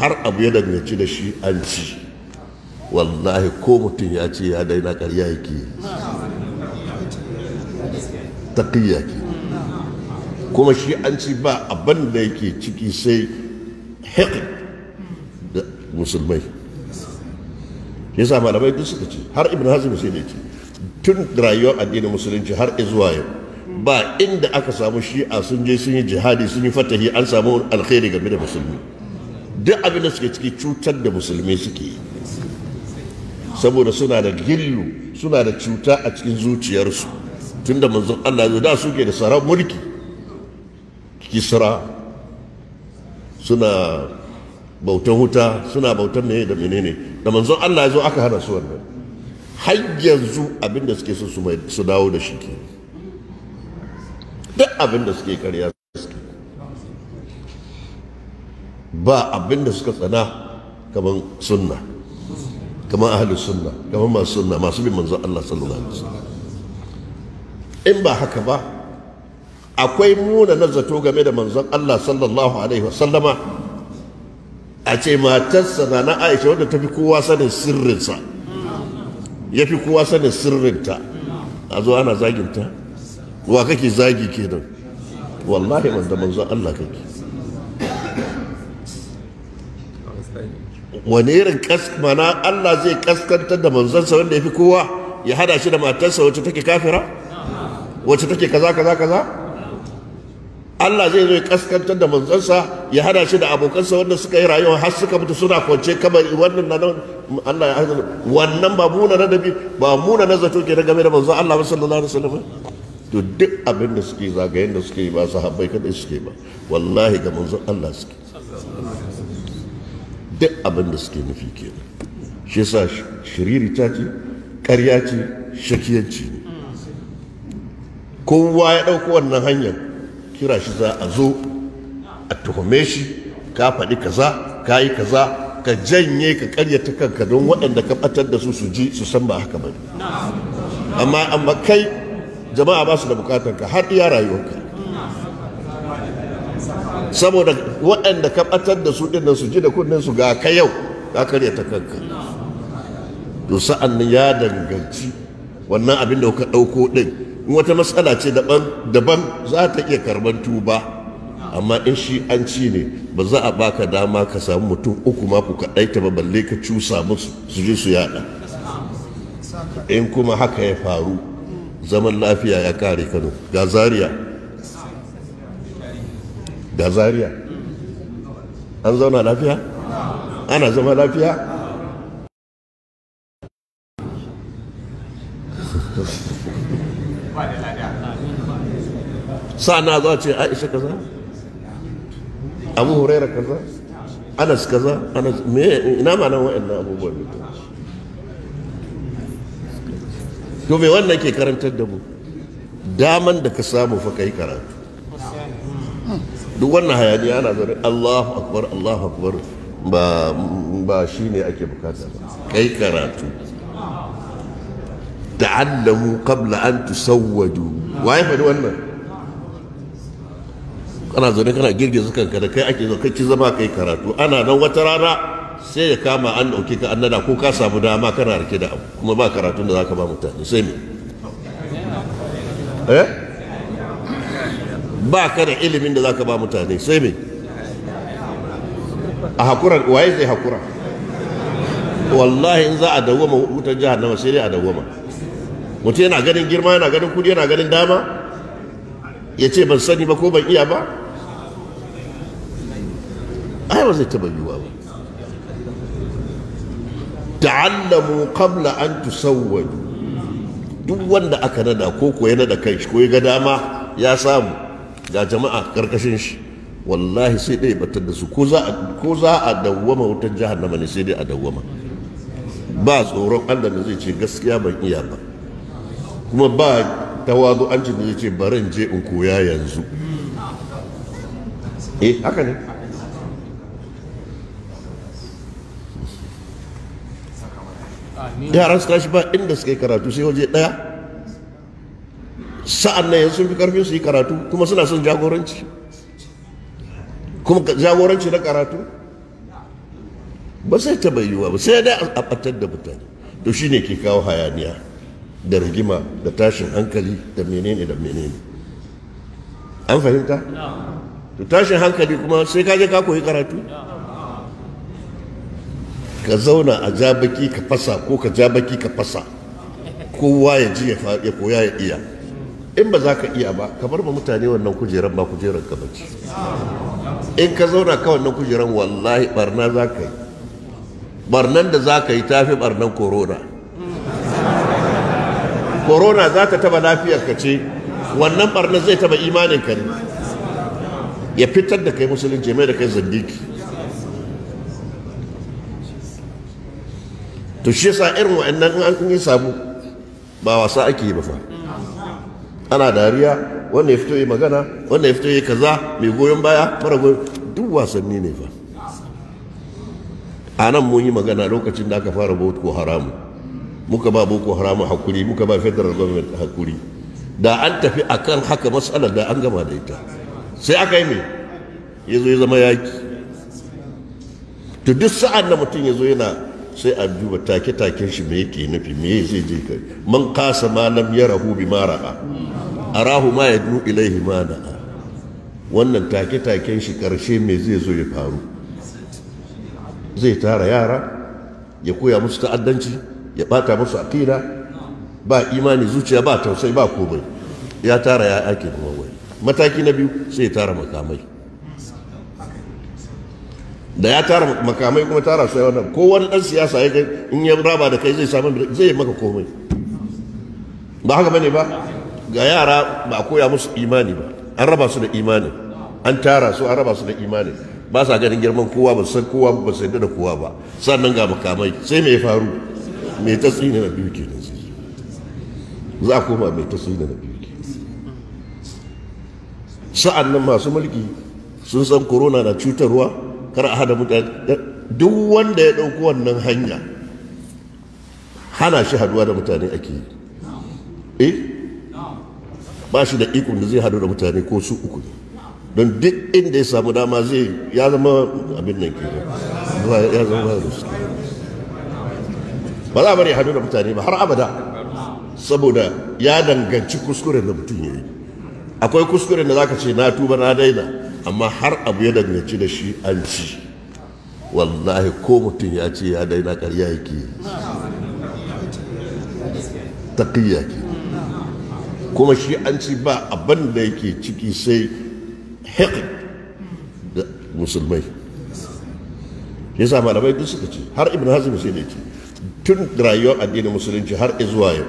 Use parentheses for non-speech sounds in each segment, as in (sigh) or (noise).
har abu ya danganci da shi an ci wallahi ko mutum ya ce ya daina karya yake taƙiyya ke kuma shi an ci ba abin da yake ciki sai haƙi da musulmai ya sa malamai duk suka ce har ibn hazm sai da ce tun rayuwar addinin musulunci har izuwa yau ba inda aka samu shi'a sun je sun yi jihadi sun yi fatahi an samu alkhairi game da musulmi duk abin da suke ciki cutar da musulmi suke yi saboda suna da gillu suna da cuta a cikin zuciyarsu tun da manzon Allah zai da suke da sarar mulki kisra suna bautan wuta suna bautan ne da menene da manzon Allah ya aka hana su wannan har yanzu abin da suke so su dawo da shi ke duk abin da suke karya ba abin da suka tsana kamar sunna kamar ahli sunna kamar masu sunna masu bin manzon Allah sallallahu alaihi wasallam in ba haka ba akwai muna zato game da manzon Allah sallallahu alaihi wasallama a ce matarsa na na Aisha wadda ta fi kowa sanin sirrinsa ya fi kowa sanin sirrinta a zo ana zaginta wa kake zagi kenan wallahi wanda manzon Allah kake wani irin mana Allah zai kaskantar da manzansa wanda ya fi kowa ya hada shi da matarsa wacce take kafira wacce take kaza kaza kaza Allah zai zo ya kaskantar da manzansa ya hada shi da abokansa wanda suka yi rayuwa har suka mutu suna kwance kamar wannan na Allah ya hada wannan ba muna na dabi ba muna na zato ke game da manzon Allah sallallahu alaihi wasallam to duk abin da suke zagayen da suke ba sahabbai kada suke ba wallahi ga manzon Allah suke duk abin da suke nufi kenan shi yasa ta ce ƙarya ce shakiyanci ne kowa ya ɗauko wannan hanyar kira shi za a zo a tuhume shi ka faɗi kaza ka yi kaza ka janye ka ta kanka don waɗanda ka ɓatar da su su ji su san ba haka ba amma amma kai jama'a ba su da bukatar ka har iya rayuwarka saboda waɗanda ka ɓatar da su ɗin su ji da kunnen su ga ka yau ka karya ta kanka to sa'an nan ya danganci wannan abin da ka ɗauko ɗin in wata matsala ce daban daban za ta iya karɓar tuba amma in shi an ci ne ba za a baka dama ka samu mutum uku ma ku kaɗai ta ba balle ka cusa musu su je su yaɗa in kuma haka ya faru zaman lafiya ya kare kano ga Zariya. ga zaria an zauna lafiya ana zama lafiya sa'ana za a ce aisha kaza abu huraira kaza anas kaza anas me ina ma nan wa'annan abubuwan ne to me wannan ke karantar da mu daman da ka samu fa kai karatu duk wannan hayaniya ana zaune Allahu akbar Allahu akbar ba ba ne ake bukata ba kai karatu ta'allamu qabla an Wa waye faɗi wannan kana zaune kana girgiza kanka da kai ake zo kai ci zama kai karatu ana nan wata rana sai ya kama an dauke ka annada ko ka samu dama kana rike da abu kuma ba karatun da zaka ba mutane sai me eh ba ka da ilimin da zaka ba mutane sai me a hakura waye zai hakura wallahi in za a dawoma wutar jahannama sai dai a dawoma mutum yana ganin girma yana ganin kudi yana ganin dama ya ce ban sani ba ko ban iya ba ai ba zai taba yiwa ba ta'allamu qabla an tusawwadu duk wanda aka nada ko ko ya nada kanshi ko ya ga dama ya samu ga jama'a karkashin shi wallahi sai dai batar da su ko za a ko za a dawwama wutar jahannama ne sai dai a dawwama ba tsoron Allah da zai ce gaskiya ban iya ba kuma ba tawazu an da zai ce barin je in koya yanzu eh haka ne yaran su tashi ba inda suka yi karatu sai waje daya sa'an nan sun fi karfin su yi karatu kuma suna son jagoranci kuma jagoranci na karatu ba sai ta bayyuwa ba sai dai a batar da mutane to shine ke kawo hayaniya da rigima da tashin hankali da menene da menene an fahimta to tashin hankali kuma sai ka je ka koyi karatu ka zauna a jabaki ka fasa ko ka jabaki ka fasa kowa ya ji ya koya ya iya in ba za ka iya ba kamar ba mutane wannan kujeran ba kujeran ka bace in ka zauna ka wannan kujeran wallahi barna za ka yi barnan da za ka yi ta fi barnan korona. Korona za ka taba lafiyar ka ce wannan barnan zai taba imanin ka ne ya fitar da kai musulunci mai da kai zindiki to shi yasa irin wa'annan in an yi samu ba wasa ake yi ba fa ana dariya wanda ya fito yi magana wanda ya fito yi kaza mai goyon baya mara goyon duk wasanni ne fa a nan mun yi magana lokacin da aka fara boko haramu muka ba boko haramu hakuri muka ba federal government hakuri da an tafi akan haka matsalar da an gama da ita sai aka yi mai ya zo ya zama yaki to duk sa'an da mutum ya zo yana sai a duba take-taken shi me yake nufi me zai je kai man kasa ma ya rahu bi mara'a arahu ma yadnu ilaihi ma da'a wannan take-taken shi karshe mai zai zo ya faru zai tara yara ya koya musu ta'addanci ya bata musu aqida ba imani zuciya ba tausayi ba komai ya tara ya ake kuma wai mataki na biyu sai ya tara makamai da ya tara makamai kuma tara sai wannan ko wani dan siyasa ya in ya raba da kai zai samu zai maka komai ba haka bane ba ga yara ba a koya musu imani ba an raba su da imani an tara su an raba su da imani ba sa ganin girman kowa ba san kowa ba sai da kowa ba sannan ga makamai sai me faru me ta tsina na biyu nan sai za a koma me ta tsina na biyu sa'an nan masu mulki sun san korona na cutarwa kar a hada mutane duk wanda ya ɗauko wannan hanya hana shi haduwa da mutane ake yi eh ba shi da ikon da zai hadu da mutane ko su uku ne don duk inda ya samu dama zai ya zama abin nan ke ya zama virus ba za a bari hadu da mutane ba har abada saboda ya danganci kuskuren da mutum ya yi akwai kuskuren da zaka ce na tuba na daina amma har abu ya danganci da shi an ci wallahi ko mutum ya ce ya daina karya yake taƙiyya ke kuma shi an ci ba abin da yake ciki sai haƙi da musulmai ya sa malamai duk suka ce har ibn hazm sai da ce tun rayuwar addinin musulunci har zuwa yau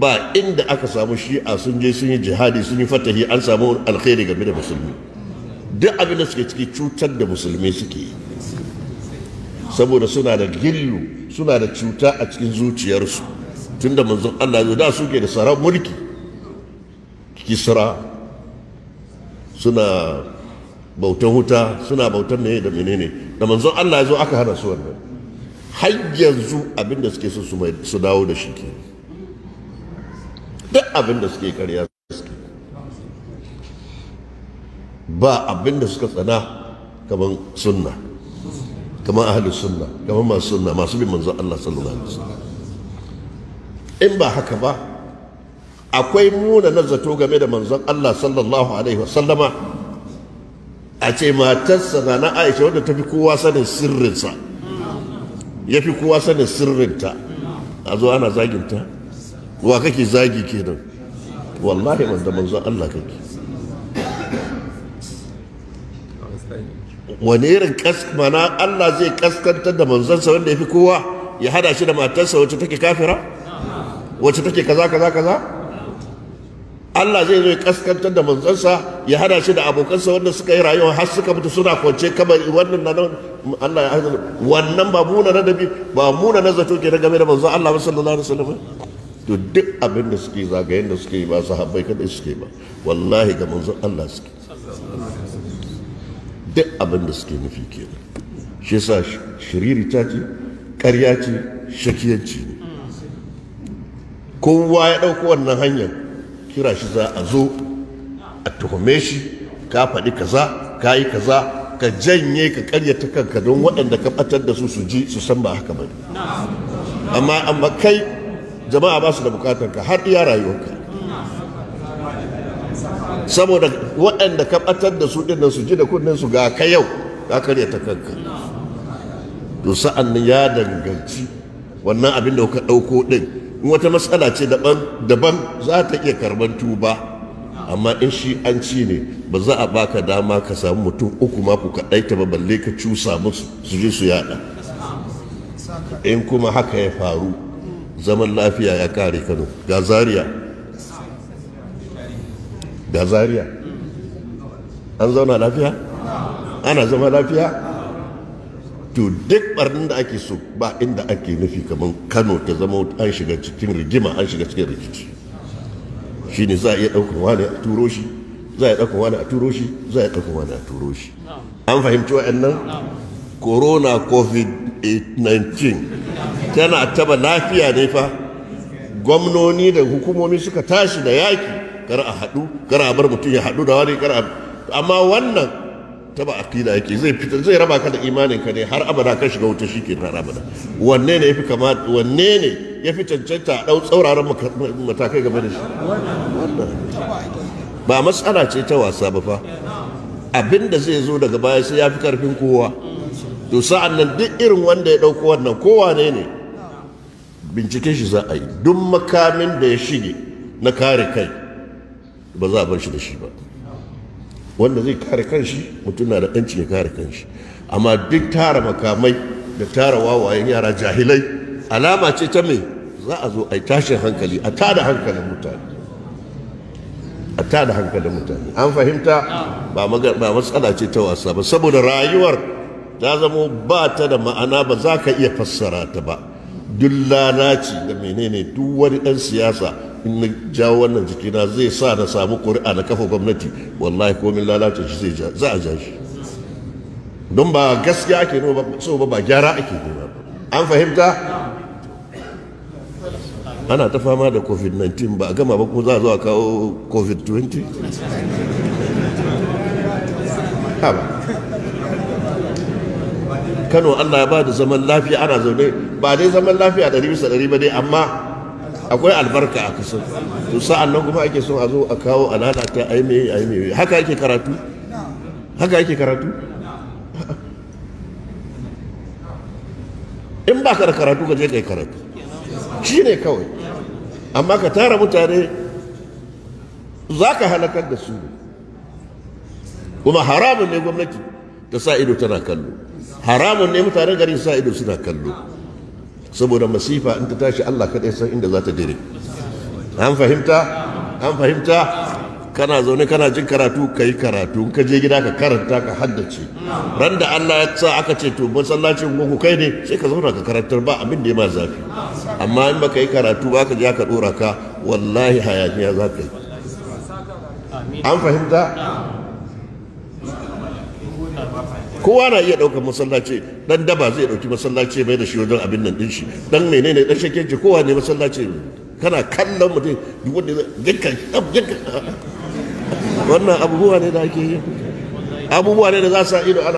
ba inda aka samu shi'a sun je sun yi jihadi sun yi fatahi an samu alkhairi game da musulmi duk abin da suke ciki cutar da musulmi suke yi saboda suna da gillu suna da cuta a cikin zuciyarsu tunda manzon Allah zai da suke da sarar mulki kisra suna bautan huta suna bautan ne da menene da manzon Allah ya zo aka hana su wannan har yanzu abin da suke so su dawo da shi ke duk abin da suke karya suke ba abin da suka tsana kamar sunna kamar ahli sunna kamar masu sunna masu bin manzon Allah sallallahu alaihi wasallam in ba haka ba akwai muna na zato game da manzon Allah sallallahu alaihi wasallama a ce matarsa na na Aisha wadda ta fi kowa sanin sirrinsa ya fi kowa sanin sirrinta a zo ana zaginta wa kake zagi kenan wallahi wanda manzon Allah kake wani irin mana Allah zai kaskantar da manzansa wanda ya fi kowa ya hada shi da matarsa wacce take kafira wacce take kaza kaza kaza Allah zai zo ya kaskantar da manzansa ya hada shi da abokansa wanda suka yi rayuwa har suka mutu suna kwance kamar wannan na Allah ya hada wannan ba muna na dabi ba muna na zato ke game da manzon Allah sallallahu alaihi wasallam to duk abin da suke zagayen da suke yi ba sahabbai kada suke ba wallahi ga manzon Allah suke duk abin da suke nufi kenan shi yasa shiriri ta ce ƙarya ce shakiyanci ne kowa ya ɗauko wannan hanyar kira shi za a zo a tuhume shi ka faɗi kaza ka yi kaza ka janye ka karyata kanka don waɗanda ka ɓatar da su su ji su san ba haka ba amma amma kai jama'a ba su da bukatar ka har iya rayuwarka saboda waɗanda ka ɓatar da su ɗin su ji da kunnen su ga ka yau ka karyata kanka to sa'an ya danganci wannan abin da kuka ɗauko ɗin in wata matsala ce daban za ta iya karban tuba amma in shi an ci ne ba za a baka dama ka samu mutum uku ma ku kaɗai ta ba balle ka cusa musu su je su yaɗa in kuma haka ya faru zaman lafiya ya kare kano ga Zariya, ga Zariya an zauna lafiya ana zama lafiya to duk barnin da ake so ba inda ake nufi kamar kano ta zama an shiga cikin rigima an shiga cikin rikici shi ne za a iya ɗaukar wani a turo shi za a iya ɗaukar wani a turo shi za a iya ɗaukar wani a turo shi an fahimci nan? corona covid-19 tana taba lafiya ne fa gwamnoni da hukumomi suka tashi da yaki kar a haɗu kar a bar mutum ya haɗu da wani kar a amma wannan ba aqida yake zai fitar zai raba ka da imanin ka ne har abada ka shiga wuta shi ke har abada wanne ne yafi kama wanne ne yafi cancanta dau tsauraran matakai game da shi ba matsala ce ta wasa ba fa abinda zai zo daga baya sai yafi karfin kowa to sa'an nan duk irin wanda ya dauko wannan kowa ne ne bincike shi za a yi duk makamin da ya shige na kare kai ba za a bar shi da shi ba wanda zai kare kanshi mutum na da ɗanci ya kare kanshi amma duk tara makamai da tara wawayen yara jahilai alama ce ta mai za a zo a tashin hankali a tada hankalin mutane a tada hankalin mutane an fahimta ba matsala ce ta wasa ba saboda rayuwar ta zamo ba ta da ma'ana ba za ka iya fassara ta ba duk da menene duk wani ɗan siyasa in na jawo wannan jikina zai sa na samu ƙuri'a na kafa gwamnati wallahi komin lalace shi zai za a ja shi don ba gaskiya ake nuna so ba ba gyara ake ba. an fahimta ana ta fama da covid-19 ba a gama ba ko za a zo a kawo covid-20 kano allah ya ba da zaman lafiya ana zaune ba dai zaman lafiya ɗari bisa ɗari ba dai amma akwai albarka a kasar to sa'an nan kuma ake son a zo a kawo a lalata a yi mai a yi mai haka ake karatu haka ake karatu (laughs) in ba ka da karatu ka je ka yi karatu shi ne kawai amma ka tara mutane za ka halakar da su kuma haramun ne gwamnati ta sa ido tana kallo haramun ne mutane gari sa ido suna kallo saboda masifa in ta tashi Allah kaɗai san inda za ta dire an fahimta an fahimta kana zaune kana jin karatu ka yi karatu ka je gida ka karanta ka haddace ran da Allah ya sa aka ce to masallacin gogo kai ne sai ka zauna ka karantar ba abin da ya ma zafi amma in baka yi karatu ba ka je ka dora ka wallahi hayaniya za ka yi an fahimta kowa na iya ɗaukar masallaci dan daba zai ɗauki masallaci mai da shi wajen abin nan ɗin shi dan menene dan shakenci kowa ne masallaci kana kallon mutum duk wanda yanka yanka wannan abubuwa ne da ake yi abubuwa ne da za su ido ana